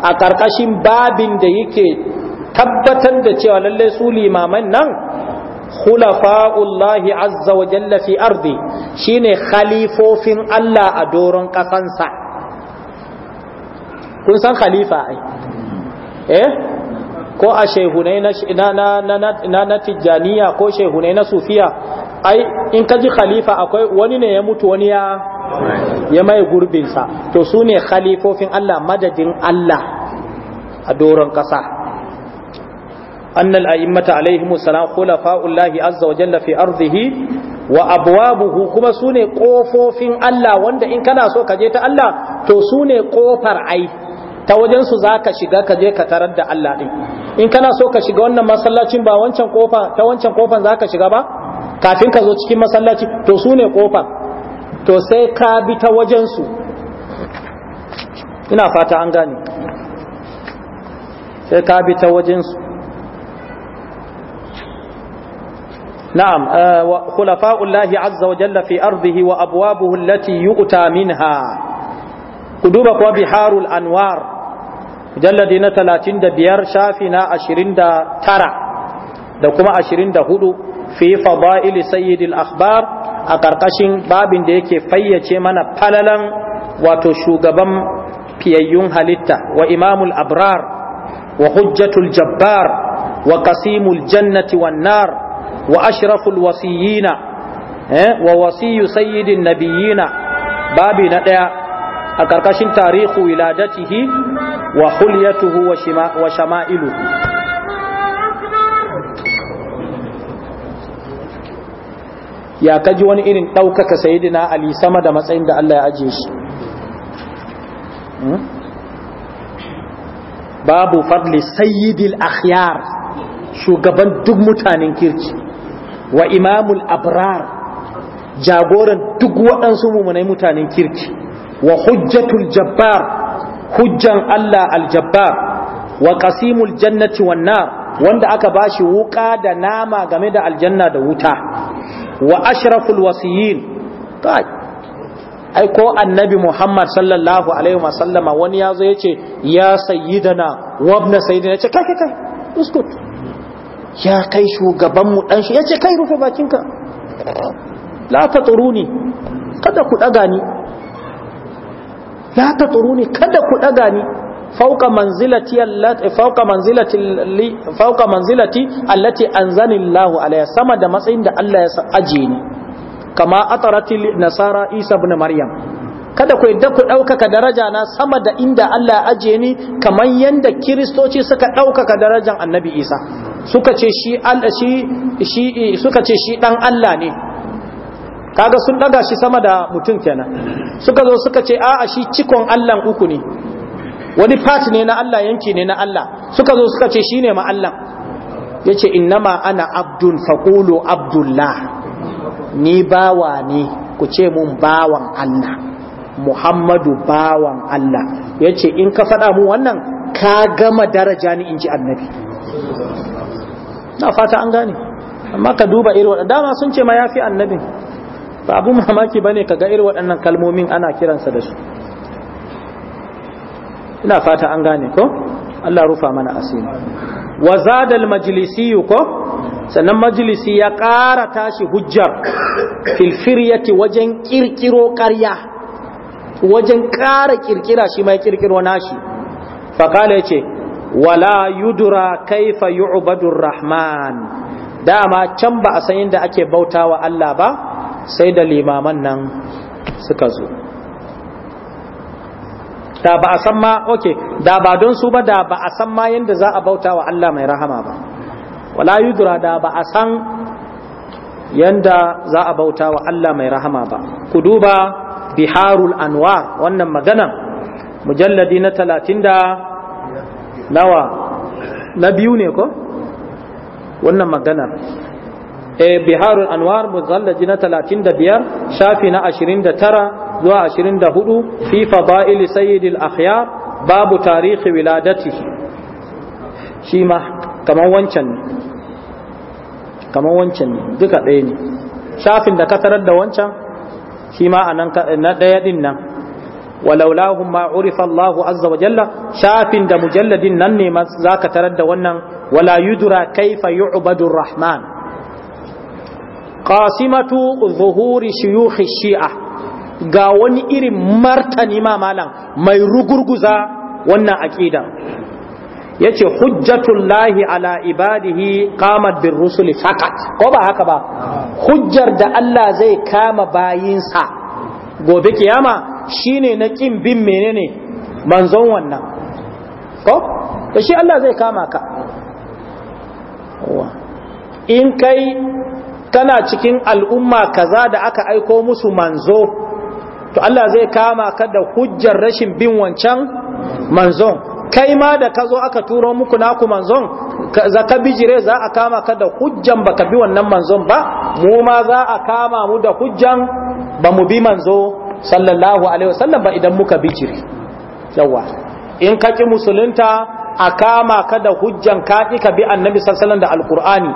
a ƙarƙashin babin da yake tabbatar da cewa lallai su limaman nan khulafa'ullahi azza wa jalla fi ardi shine khalifofin Allah a doron kasansa. kun san khalifa ai eh ko a shehunai na na na tijaniya ko shehunai na sufiya ai in ka ji khalifa akwai wani ne ya mutu wani ya ya mai gurbinsa to su ne khalifofin Allah madadin Allah a doron ƙasa أن الأئمة عليهم السلام خلفاء الله عز وجل في أرضه وأبوابه كما سوني قوفو in الله so إن كان ta جيت الله تو سوني قوفر ai. ta wajensu za ka shiga ka je ka tarar da Allah ɗin, in kana so ka shiga wannan masallacin ba wancan kofa ta wancan kofan ka shiga ba kafin ka zo cikin masallaci to su ne kofan to sai ka bi ta wajensu, ina fata an gane sai ka bi ta wajen su نعم خلفاء الله عز وجل في أرضه وأبوابه التي يؤتى منها قدوبك وبحار الأنوار mujalladi na talatin da biyar shafi na ashirin da tara da kuma ashirin da hudu fi fada'ili sayyidil akhbar a ƙarƙashin babin da yake fayyace mana falalan wato shugaban fiyayyun halitta wa imamul abrar wa hujjatul jabbar wa qasimul jannati wan nar wa ashraful wasiyina eh, wa wasiyu sayyidin nabiyina babi na ɗaya a karkashin tarihu wiladatihi wa hulyatuhu wa shama'ilu ya kaji wani irin ɗaukaka sayidina ali sama da matsayin da Allah ya ajiye shi hmm? babu fadli sayyidil akhyar shugaban duk mutanen kirki wa imamul abrar jagoran duk waɗansu mummunai mutanen kirki wa hujjatul jabbar hujjan Allah aljabbar wa qasimul jannati wan nar wanda aka bashi wuka da nama game da aljanna da wuta wa ashraful wasiyin kai ai ko annabi Muhammad sallallahu alaihi wa sallama wani yazo yace ya sayyidana wa ibn sayyidina yace kai kai kai uskut ya kai shugaban mu dan shi yace kai rufe bakinka la taturuni kada ku daga ni la ta turuni kada ku daga ni fauka manzilati allati fauka manzilati fauka manzilati allati anzani Allah alayya sama da matsayin da Allah ya aje ni kama ataratil nasara Isa ibn Maryam kada ku yadda ku ɗaukaka daraja na sama da inda Allah ya aje ni kamar yadda kiristoci suka ɗaukaka darajan annabi Isa suka ce shi Allah shi shi suka ce shi dan Allah ne kaga sun daga shi sama da mutum kenan suka zo suka ce a'a shi cikon Allah uku ne wani part ne na Allah yanki ne na Allah suka zo suka ce shine ma Allah yace innama ana abdun faqulu abdullah ni bawa ne ku ce mun bawan Allah Muhammadu bawan Allah yace in ka faɗa mu wannan ka gama daraja ni inji annabi na fata an gane amma ka duba irin dama sun ce ma yafi annabin ba abu mamaki bane ga irin waɗannan kalmomin ana kiransa da su ina fata an gane ko Allah rufa mana asiri wa zadal majlisi ko sannan majlisi ya ƙara tashi hujjar filfiryati wajen kirkiro ƙarya wajen ƙara kirkira shi mai kirkiro nashi faƙala yace wala yudura kaifa yu'badur rahman dama can ba a san yadda ake bautawa Allah ba sai da limaman nan suka zo da ba a san ma ok da ba don su ba da ba a san ma yadda za a bauta wa Allah mai rahama ba wala yudura da ba a san yadda za a bauta wa Allah mai rahama ba ku duba biharul anwa wannan magana mujalladi na talatin da nawa na biyu ne ko wannan magana. e biharul anwar muzallaji na 35 shafi na 29 zuwa 24 fi fada'il sayyidil akhyar babu tarihi wiladati shi ma kamar wancan kamar wancan duka ɗaya ne shafin da ka tarar da wancan shi ma anan na ɗaya din nan walaulahum ma urifa Allahu azza wa jalla shafin da mujalladin nan ne tarar da wannan wala yudra kaifa yu'badu rahman qasimatu zuhuri shuyukh shi'a ga wani irin martani ma malam mai rugurguza wannan aqida yace hujjatullahi ala ibadihi qamat bir rusuli faqat ko ba haka ba hujjar da Allah zai kama bayinsa gobe kiyama shine na kin bin menene manzon wannan ko to shi Allah zai kama ka in kai Tana cikin al'umma kaza da aka aiko musu manzo to Allah zai kama ka da hujjar rashin bin wancan manzon kai ma da ka zo aka turo muku naku manzon za ka bijire za a kama ka da hujjan baka bi wannan manzon ba mu ma za a kama mu da hujjan ba mu bi manzo sallallahu alaihi wasallam ba idan muka bijire yawa in ka ki musulunta a kama ka da hujjan ka ka bi annabi sallallahu da alqur'ani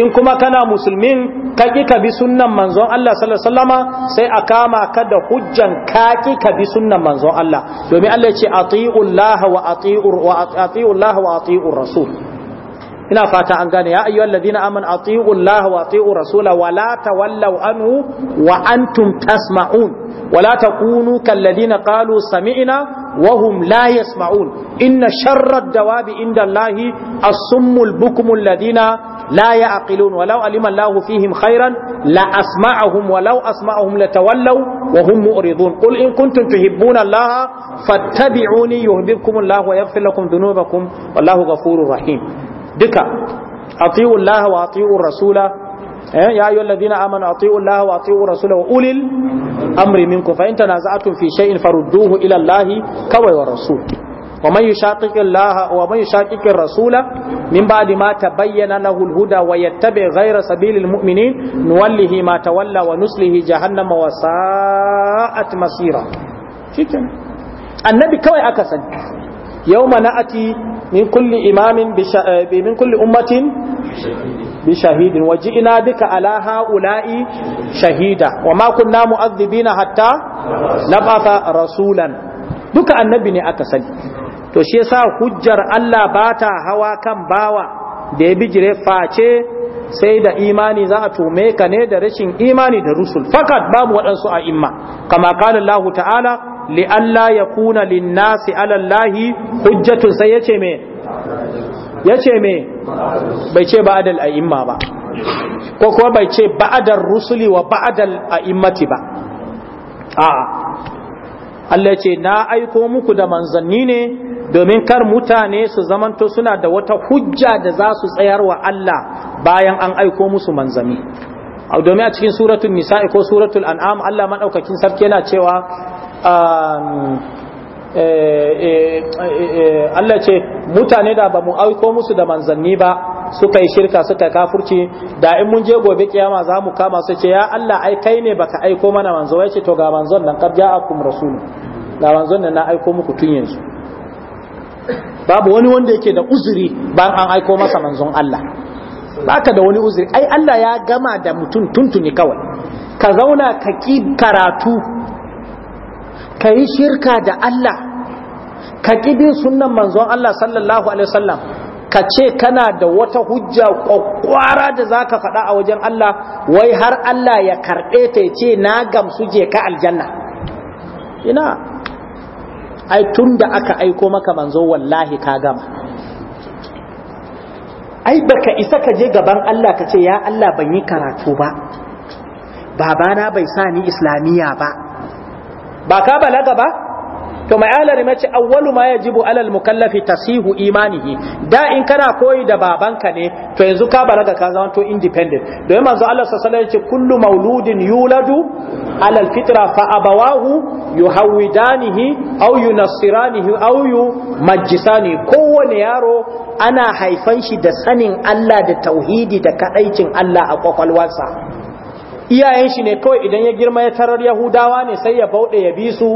in kuma kana musulmin ka ka bi sunnan manzon Allah sallallahu alaihi wasallama sai a kama ka da hujjan ka ka bi sunnan manzon Allah domin Allah ya ce ati'u wa ati'u wa ati'u wa ati'u rasul ina fata an gane ya ayyuhal ladina amanu atiiu Allah wa atiiu rasula wa la tawallaw anhu wa antum tasma'un wa la takunu kal ladina qalu sami'na wa hum la yasma'un inna sharra ad-dawabi inda Allah as-summul bukmul ladina la ya'qilun wa law alima Allah fihim khairan la asma'ahum wa law asma'ahum latawallaw wa hum mu'ridun qul in kuntum tuhibbuna Allah fattabi'uni yuhibbukum Allah wa yaghfir lakum dhunubakum wallahu ghafurur rahim duka atiyu Allah wa atiyu Rasula eh, ya ayyuhal ladina amanu atiyu Allah wa atiyu Rasula wa ulil amri minkum fa in tanaza'tum fi shay'in farudduhu ila Allah kawai wa Rasul wa man yushaqiq Allah Rasula min ba'di ma tabayyana lahu al-huda wa yattabi' ghayra sabilil mu'minin nuwallihi ma tawalla wa nuslihi jahannama wa sa'at masira shikenan annabi kawai aka sani yawma na'ati min kulli imamin eh, min kulli ummatin bi shahidin wa ina bika ala haula'i shahida wa ma kunna mu'adhibina hatta nab'atha rasulan duka annabi ne aka sani to shi yasa hujjar Allah bata hawa kan bawa da ya bijire face sai da imani za a tume ka ne da rashin imani da rusul fakat babu waɗansu a imma kama qala Allah ta'ala Li Allah ya kuna linnasi alallahi hujjatun sai yace me yace me bai ce ba'adal a'imma ba ko kuwa bai ce ba'adar rusuli wa ba'adal a'immati ba a'a Allah ce na aiko muku da manzanni ne domin kar mutane su zamanto suna da wata hujja da za su tsayar wa Allah bayan an aiko musu manzanni domin a cikin suratul nisa'i ko suratul an'am Allah madaukakin sarki yana cewa Eh, eh, eh, Allah ce mutane da ba mu aiko musu da manzanni ba suka yi shirka suka kafurci da in mun je gobe kiyama za mu kama su ce ya Allah ai kai ne baka aiko mana manzo ya ce to ga manzon nan qad ja'akum rasul ga manzon nan na aiko muku tun yanzu babu wani wanda yake da uzuri ban an aiko masa manzon Allah baka da wani uzuri ai Allah ya gama da mutum tuntuni kawai ka zauna ka ki karatu ka shirka da Allah ka bin sunan manzon Allah sallallahu alaihi wasallam ka ce kana da wata hujja kwakwara da zaka ka faɗa a wajen Allah wai har Allah ya karɓe ta ce na gamsu je ka aljanna ina ai tun da aka aiko maka manzo wallahi ka gama ai baka isa ka je gaban Allah ka ce ya Allah ban yi karatu ba babana bai sa ni islamiyya ba ba ka balaga ba to mai alari mace awwalu ma yajibu alal mukallafi tasihu imanihi da in kana koyi da babanka ne to yanzu ka balaga ka zama to independent domin manzo Allah sallallahu alaihi wasallam ce kullu mauludin yuladu alal fitra fa abawahu yuhawidanihi aw yunassiranihi aw yumajjisani kowane yaro ana haifan shi da sanin Allah da tauhidi da kadaicin Allah a kwakwalwarsa iyayen shi ne kawai idan ya girma ya tarar yahudawa ne sai ya bauɗe ya bi su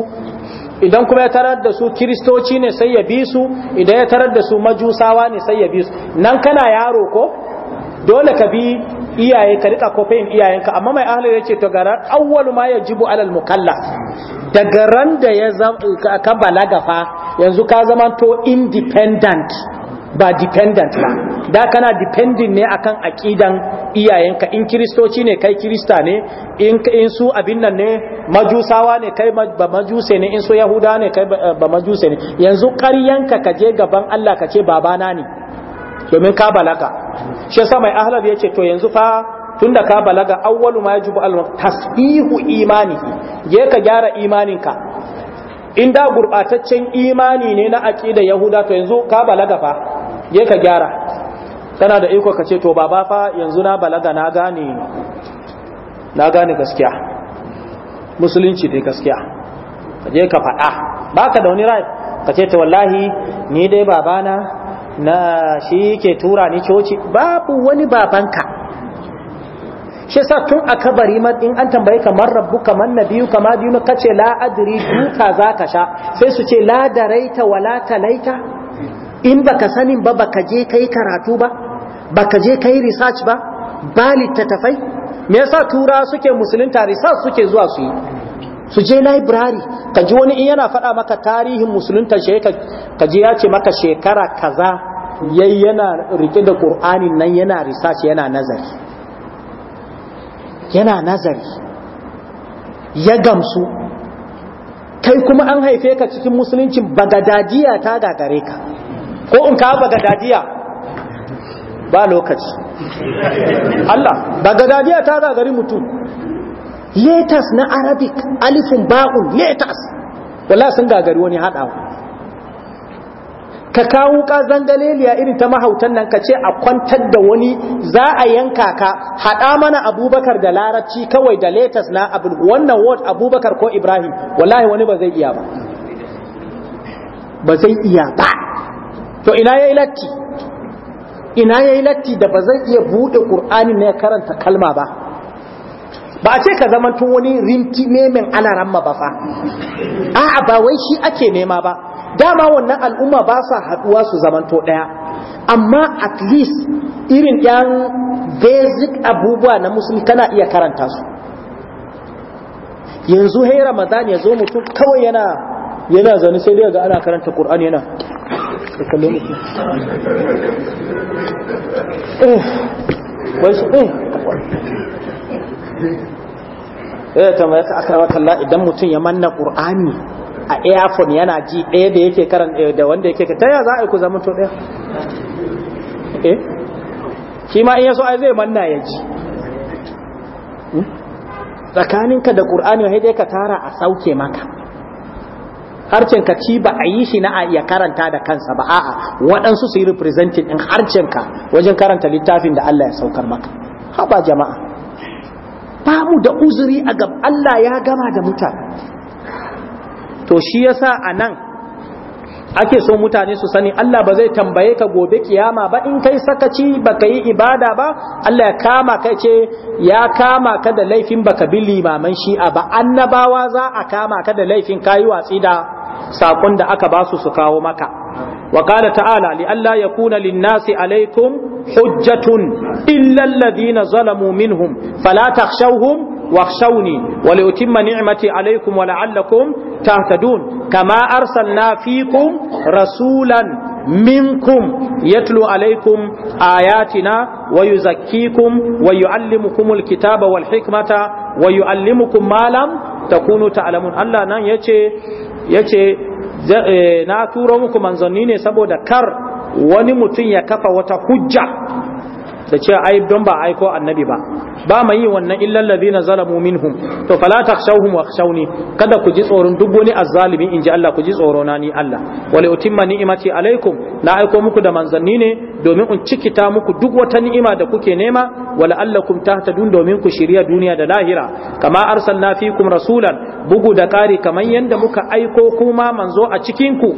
idan kuma ya tarar da su kiristoci ne sai ya bi su idan ya tarar da su majusawa ne sai ya bi su nan kana yaro ko dole ka bi iyaye ka rika kofin iyayenka amma mai ahli ya ce to gara awwalu ma yajibu alal mukallaf daga ran da ya ka balaga fa yanzu ka zama to independent ba dependent ba da kana dependent ne akan aqidan iyayenka in kristoci ne kai krista ne in in su abin nan ne majusawa ne kai ba majuse ne in su yahuda ne kai ba majuse ne yanzu ƙaryanka ka je gaban Allah ka ce babana ne domin ka balaga shi yasa mai ahlab yace to yanzu fa tunda ka balaga awwalu ma yajibu al tasbihu imani je ka gyara imaninka in da gurbataccen imani ne na aƙidar yahuda to yanzu ka balaga fa je ka gyara kana da iko ka ce to baba fa yanzu na balaga na gane na gane gaskiya musulunci dai gaskiya ka je ka faɗa baka da wani right ka ce to wallahi ni dai babana na shi ke tura ni coci babu wani babanka shi sa tun a kabari in an tambaye ka man rabbuka man nabiyu kama biyu na kace la adri duka zaka sha sai su ce la daraita wala talaita in baka sanin ba baka je kai karatu ba baka je kai research ba ba littattafai me yasa tura suke musulunta research suke zuwa su yi su je library ka ji wani in yana faɗa maka tarihin musulunta shi ka ji ya ce maka shekara kaza yayi yana rike da qur'anin nan yana research yana nazari yana nazari ya gamsu kai kuma an haife ka cikin musuluncin bagadajiya ta gagare ka ko in ka bagadadiya ba lokaci Allah bagadadiya ta zagari mutum letters na arabic alifin ba'un letters wala sun gagari wani haɗawa ka kawo ka zangaleliya irin ta mahautan nan ka ce a kwantar da wani za a yanka ka haɗa mana abubakar da larabci kawai da letas na abin wannan word abubakar ko ibrahim wallahi wani ba zai iya ba ba zai iya ba to ina ya yi latti ina ya yi latti da ba zai iya buɗe bude na ya karanta kalma ba ba a ce ka zamanto wani rinti nemen ana ramma ba fa a'a ba wai shi ake nema ba dama wannan al'umma ba sa haɗuwa su zamanto daya amma at least irin yan basic abubuwa na musulmi kana iya karanta su yanzu hai ramadan ya zo mutum kawai yana yana zane sai dai ga ana karanta qur'ani yana muku eh oh, wai su oh. eh eh ka aka maka kalla idan mutun ya manna Qur'ani a earphone yana ji ɗaya da yake karan eh, da wanda yake ka taya za a yi ku zama to ɗaya eh shi ma in yaso ai zai manna ya ji hmm? tsakaninka da Qur'ani wa dai ka tara a sauke maka harcen ka ci ba a yi shi na a iya karanta da kansa ba a'a waɗansu su yi representing ɗin harcen ka wajen karanta littafin da Allah ya saukar maka haba jama'a ba mu da uzuri a gab Allah ya gama da mutane to shi yasa a nan ake so mutane su sani Allah ba zai tambaye ka gobe kiyama ba in kai sakaci baka yi ibada ba Allah ya kama ka ce ya kama ka da laifin baka bi limaman shi'a ba annabawa za a kama ka da laifin kayi watsi da sakon da aka basu su kawo maka wa qala ta'ala li alla yakuna lin-nasi alaikum hujjatun illa alladhina zalamu minhum fala takhshawhum واخشوني ولأتم نعمتي عليكم ولعلكم تهتدون كما أرسلنا فيكم رسولا منكم يتلو عليكم آياتنا ويزكيكم ويعلمكم الكتاب والحكمة ويعلمكم ما لم تكونوا تعلمون الله نان يتي يتي na turo muku manzanni ne saboda kar wani mutum ya kafa wata hujja da cewa ai don ba aiko annabi ba ba mai yi wannan illal ladina zalamu minhum to fala takhshawhum wakhshawni kada ku ji tsoron duk wani azzalimin inji Allah ku ji tsoro na ni Allah wala utimma ni'imati alaikum na aiko muku da manzanni ne domin in cikita muku duk wata ni'ima da kuke nema wala allakum tahtadun domin ku shirya duniya da lahira kama arsalna fikum rasulan bugu da kari kamar yanda muka aiko kuma manzo a cikin ku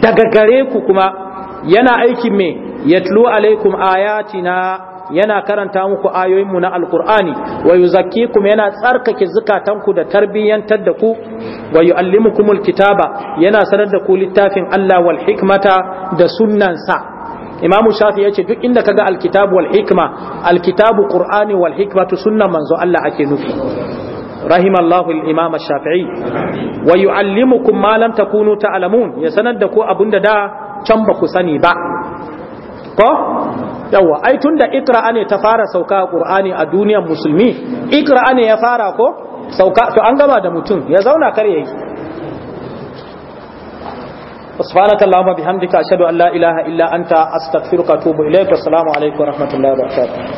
daga gare ku kuma yana aikin me yatlu alaikum ayatina yana karanta muku ayoyinmu na alkur'ani wa yuzakkikum yana tsarkake zukatanku da tarbiyyantar da ku wa yuallimukumul kitaba yana sanar da ku littafin Allah wal hikmata da sunnansa Imam Shafi yace duk inda kaga alkitabu wal hikma alkitabu qur'ani wal hikmatu sunnan manzo Allah ake nufi rahimallahu al-imam shafi'i wa yuallimukum ma lam takunu ta'lamun ya sanar da ku abunda da can ba ku sani ba ko yawa ai tunda ikra'a ne ta fara sauka a qur'ani a duniyar musulmi ikra'a ne ya fara ko sauka to an gama da mutum ya zauna kar yayi subhanaka allahumma bihamdika ashhadu an la ilaha illa anta astaghfiruka wa atubu ilaik assalamu alaikum wa rahmatullahi wa barakatuh